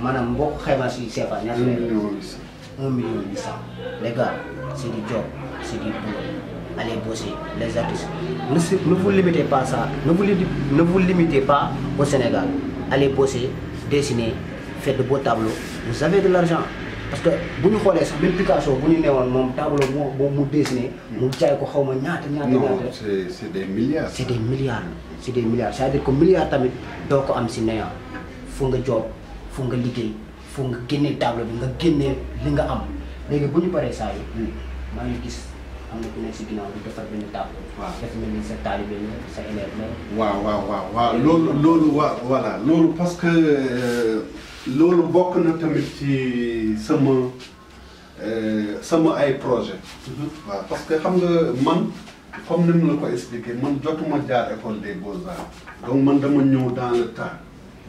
manam mbok ko ci si CFA 1 million 800 les gars c'est du job c'est du boulot allez bosser les artistes ne vous limitez pas ça ne vous ne vous limitez pas au Sénégal allez bosser dessiner faire de beaux tableaux vous avez de l'argent parce que bu ñu voulez, sax les Picasso bu ñu newoon tableau pour moom mu mu ko c'est des milliards. c'est des milliards c'est des milliards c'est-à-dire que milliards tamit do ko am ci fu job foog nga liggéey foog nga génne table bi nga génne li nga am léegi bu ñu paree saa yi hmm, maa ngi gis am na ku nekk si ginnaaw bi defar benn table. waaw def mel ni sa taalibe la sa élève la. waaw waaw waaw loolu loolu waa voilà loolu parce que euh, loolu bokk na tamit ci sama euh, sama ay projet mm-hmm. waaw parce que xam nga man. comme ni mu la ko expliqué man jotuma jaar école des beaux arts donc man dama ñëw dans le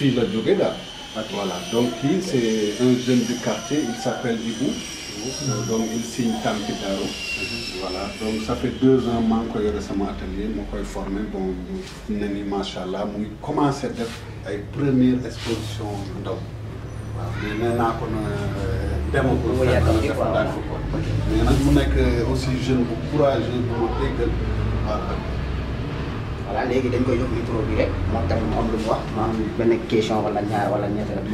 fille la jóge daal voilà donc kii c'est un jeune du quartier il s'appelle appelle euh, donc il signe Tampi Daaru mhm. voilà donc ça fait deux ans maa ngi koy yore sama atelier moo koy formé bon ne ni macha allah mu ngi commencé première exposition ndaw waaw mais nee naa ko na euh, demagul fenn def daal ko mais nag mu nekk euh, aussi jeune bu courageux bu ma déggal voilà léegi dañ koy jox micro bi rek wala ñaar wala ñett rek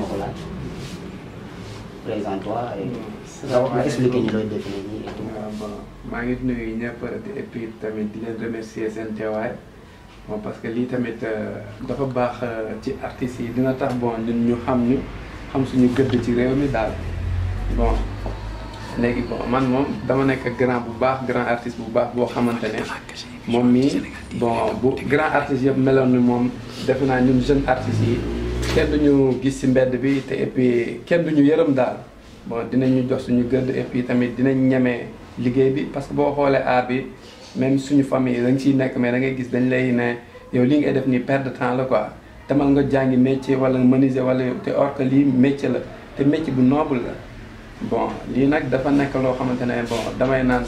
maa ngi nuyu ñëpp et puis tamit di leen remercier seen teewaay parce que lii tamit euh, dafa baax euh, ci artistes yi dina tax bon ñun ñu xam ñu xam suñu gëdd ci réew mi daal bon. léegi bon man moom dama nekk grand bu baax grand artiste bu baax boo xamante ne. moom mii bon bu grand artistes yëpp meloon ni moom defe naa ñun jeune artistes yi kenn ñu gis ci mbedd bi te et puis kenn ñu yërëm daal bon dinañu jox suñu gëdd et puis tamit dinañ ñeme liggéey bi parce que boo xoolee aar bi même suñu famille da nga ciy nekk mais da ngay gis dañ lay ne yow li ngay def nii perte de temps la te demal nga jàngi métier walla menuisier wala te or lii métier la te métier bu noble la bon lii nag dafa nekk loo xamante ne bon damay naan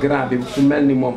grand bi fu mel ni moom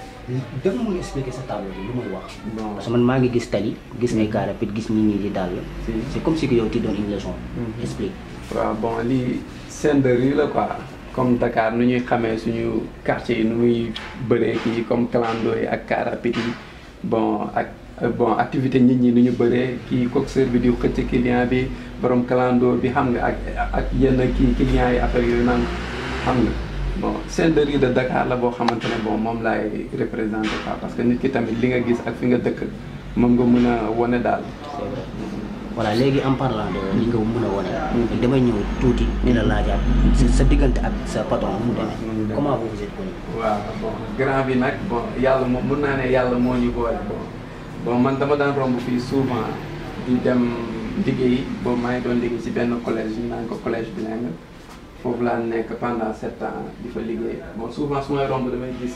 dama mën expliquer sa tableau bi lu muy wax. parce que man maa ngi gis tali gis ay mm-hmm. car rapide gis nit ñi di dal c'est comme si que yow ti donnes une leçon. Mm-hmm. explique. waaw bon lii scène de rue la quoi comme Dakar nu ñuy xamee suñu quartier yi nu muy bëree kii comme clando yi ak car yi bon ak bon activité nit ñi nu ñu bëree kii coxeur bi di xëcc client bi borom clando bi xam nga ak ak yenn kii client yi affaire yooyu naan xam nga. bon scène de Dakar la boo xamante ne bon moom laay représenté quoi parce que nit ki tamit li nga gis ak fi nga dëkk moom nga mën a wane daal. voilà léegi en parlant de li nga mën a wane. damay ñëw tuuti di la laajaat. sa diggante ak sa patron mu demee. comment vous vous êtes connu. waaw bon grand bi nag bon yàlla moom mën naa ne yàlla moo ñu boole bon man dama daan romb fii souvent di dem liggéey boobu maa ngi doon liggéey ci benn collège ñu naan ko collège bilingue. foofu laa nekk pendant sept ans di fa liggéey bon souvent su may romb damay gis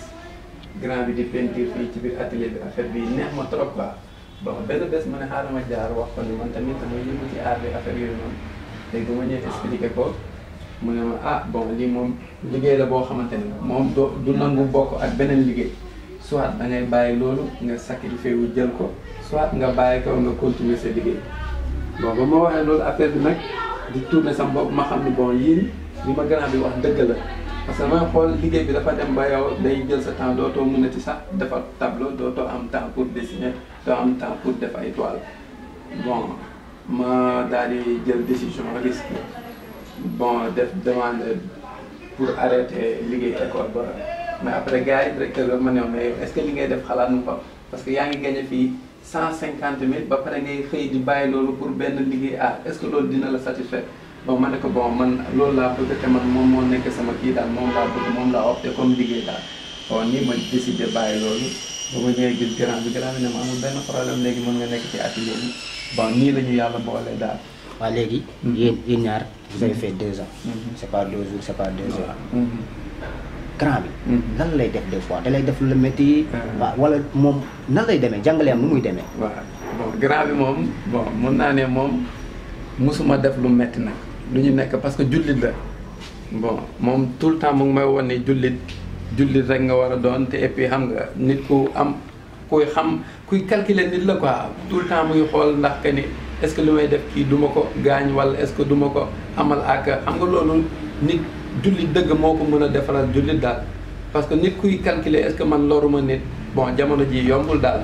grand bi di peinture fii ci biir atelier bi affaire bi neex ma trop quoi bon benn bés ma ne xaaral ma wax ko ni man tamit damay yëngu ci aar bi affaire yooyu noonu léegi ma ñëw expliqué ko mu ne ma ah bon lii moom liggéey la boo xamante ne moom doo du nangu bokk ak beneen liggéey soit da ngay bàyyi loolu nga sacrifié wu jël ko soit nga bàyyi ko nga continuer sa liggéey bon ba ma waxee loolu affaire bi nag di tourner sama bopp ma xam ne bon yii bu ma grand bi wax dëgg la parce que damay xool liggéey bi dafa dem ba yow day jël sa temps dootoo mën a ci sax defar tableau dootoo am temps pour dessiner doo am temps pour def ay toile bon ma daal di jël décision risque def demande pour arrêter liggéey école ba mais après gars yi directeur ba ma ne mais est-ce que li ngay def xalaat mu ko parce que yaa ngi gagné fii cent cinquante mille ba pare ngay xëy di bàyyi loolu pour benn liggéey ah est-ce que loolu dina la satisfaire bon ma ne ko bon man loolu laa bëgg te man moom moo sama kii daal moom laa bëgg moom laa opté comme liggéey daal bon nii ma décidé bàyyi loolu ba ma bi grand bi ne ma amul benn problème léegi mën nga nekk ci atelier bi bon nii la ñu yàlla boolee daal. waaw léegi. Hmm. yéen ñaar vous avez hmm. fait deux ans. Hmm. c'est pas deux bi. nan lay def des fois da lay def métti. waaw moom nan lay demee jàngaleem nu muy demee. waaw bon bi moom bon mën naa ne moom mosuma def lu métti nag. lu ñu nekk parce que jullit la bon moom tout le temps mu ngi may wan ni jullit jullit rek nga war a doon te et puis xam nga nit ku am koy xam kuy calculer nit la quoi tout le temps muy xool ndax que ni est ce que lu may def kii duma ko gaañ wala est ce que du ko amal ak xam nga loolu nit jullit dëgg moo ko mën a defaral jullit daal parce que nit kuy calculer est ce que man loruma nit bon jamono ji yombul daal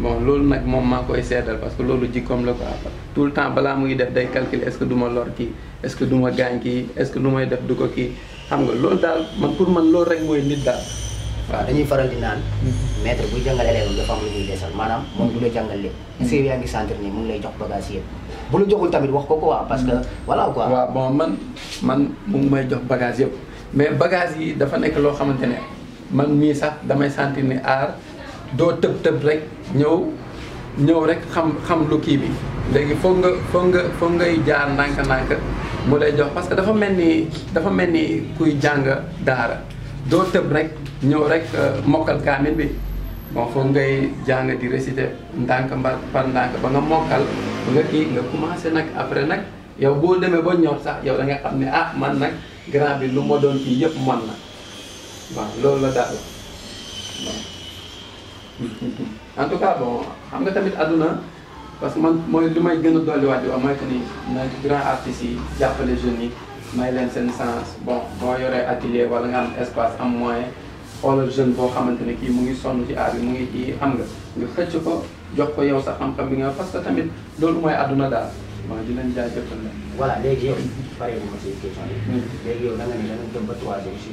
bon loolu nag moom maa koy seedal parce que loolu jikkoom la ko àppal tout le temps balaa muy def day calculer est ce que du ma lor kii est ce que du ma gaañ est ce que lu def du ko xam nga loolu daal man pour man loolu rek mooy nit daal waaw dañuy faral di naan maître buy jàngal élève dafa am lu ñuy desal maanaam moom du la jàngal lépp hmm. est-ce que yaa sentir ni mu lay jox bagage yëpp bu joxul tamit wax ko ko parce que hmm. voilà quoi bon man man mou may jox bagage yëpp mais bagage yi dafa man mii sax damay sentir ni doo tëb tëb rek ñëw ñëw rek xam xam lu kii bi léegi foog nga foog nga foog ngay jaar ndànk-ndànk mu lay jox parce que dafa mel ni dafa mel ni kuy jàng daara doo tëb rek ñëw rek euh, mokkal kaamil bi bon foog ngay jàng di réciter ndànk mbar par ndànk ba nga mokkal ba nga kii nga commencé nag après nag yow boo demee ba ñor sax yow da nga xam ni ah man nag grand bi lu ma doon kii yëpp man na waaw loolu la daal en tout cas bon xam nga tamit àdduna parce que man mooy li may gën a dolliwaat di wax mooy que ni na grand artistes yi jàppale jeunes yi may leen seen sens bon boo yoree atelier wala nga am espace am moyen xoolal jeune boo xamante ne kii mu ngi sonn ci aar bi mu ngi ci am nga nga xëcc ko jox ko yow sax xam-xam bi nga parce que tamit loolu mooy àdduna daal waaw di leen jaajëfal la. voilà léegi yow pare na mm. nga ne da nga dem ba troisième si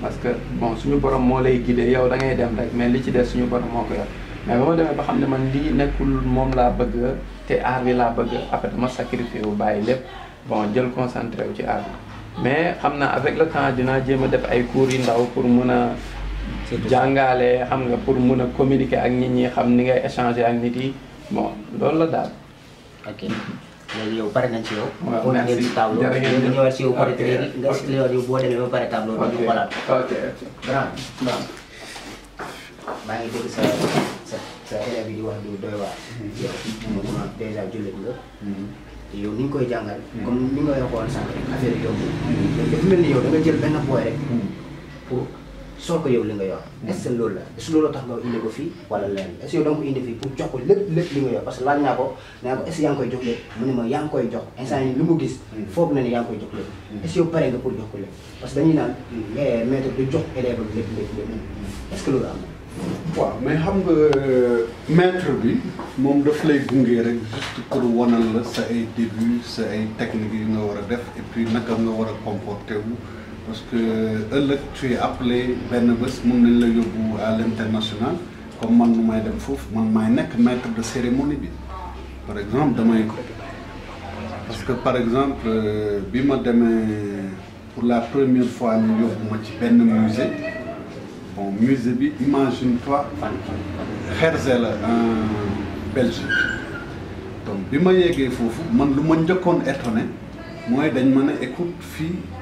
parce que bon suñu borom moo lay guider yow da ngay dem rek mais li ci des suñu borom moo ko yor mais ba ma demee ba xam ne man lii nekkul moom laa bëgg te aar bi laa bëgg après dama sacrifié wu bàyyi lépp bon jël concentré wu ci aar bi mais xam naa avec le temps dinaa jéem a def ay cours yu ndaw pour mun a jàngaale xam nga pour mun a communiquer ak nit ñi xam ni ngay échanger ak nit yi bon loolu la daal léegi yow pare nañ ci yow. waaw merci jërë ngeen jëf ñëwaat si yow côté léegi nga si yow boo demee ba pare tableau bi ñu xoolaat. ok maa ngi dégg sa sa sa élèves yi di wax du doy waar. yow moom dèjà jullit nga. yow ni ñu koy jàngal. comme ni nga waxoon sànq affaire yi yombul. yow dafa mel ni yow da nga jël benn booy rek. sol ko yow li nga yor hmm. est-ce loolu la est-ce que loolu tax nga indi ko fii wala lenn est-ce yow da ko indi fii pour jox ko lépp lépp li nga yor parce que laaj naa ko naa ko est-ce que yaa ngi koy jox lépp mu ne ma yaa ngi koy jox instant yi lu mu gis hmm. foog na ne yaa ngi koy jox lépp hmm. est-ce que jox ko lépp parce que dañuy loolu am na waaw mais xam nga euh, maître bi moom daf lay gunge rek juste pour wanal la sa ay début sa ay technique yi nga war a def et puis naka nga war a comporter parce que ëllëg tu es appelé ben bés mun nañ la à l'international, comme man nu may dem foofu man maay nekk maître de cérémonie bi par exemple damay ko parce que par exemple euh, bi ma pour la première fois ñu yóbbu ma ci benn musée bon musée bi imagine-toi Herzl la en Belgique donc bi ma yeggee foofu man luma ma étonné moy dañ mëna écoute fii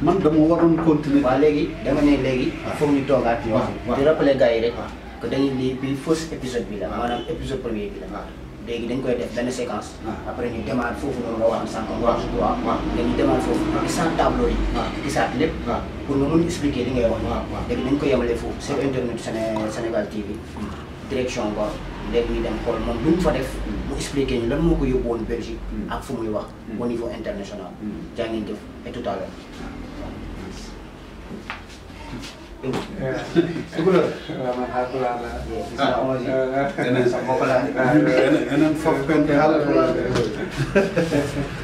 man dama waroon continuer. waaw léegi dama ne léegi. waaw foog ñu toogaat. waaw waaw di rappeler gars yi rek. que dañuy lii bii fausse épisode bi la. maanaam épisode premier bi la. léegi dañ koy def benn séquence. après ñu demaat foofu noonu nga waxoon sànq. waaw waaw waaw dañuy demaat foofu. gisaat tableau yi. gisaat lépp. pour nga mën expliquer li ngay wax. waaw léegi dañ ko yemale foofu. sur internet Sénégal TV. Hmm. direction Ngor. léegi ñu dem xool moom lu mu fa def. Hmm. mu expliquer lan moo ko yóbbu woon Belgique. Hmm. ak fu muy wax. au niveau international. jaa ngeen jëf et tout Tukulóor. waaw man xaar Pulaar laa. ah mooy yeneen sax bopp laa. yeneen yeneen foofu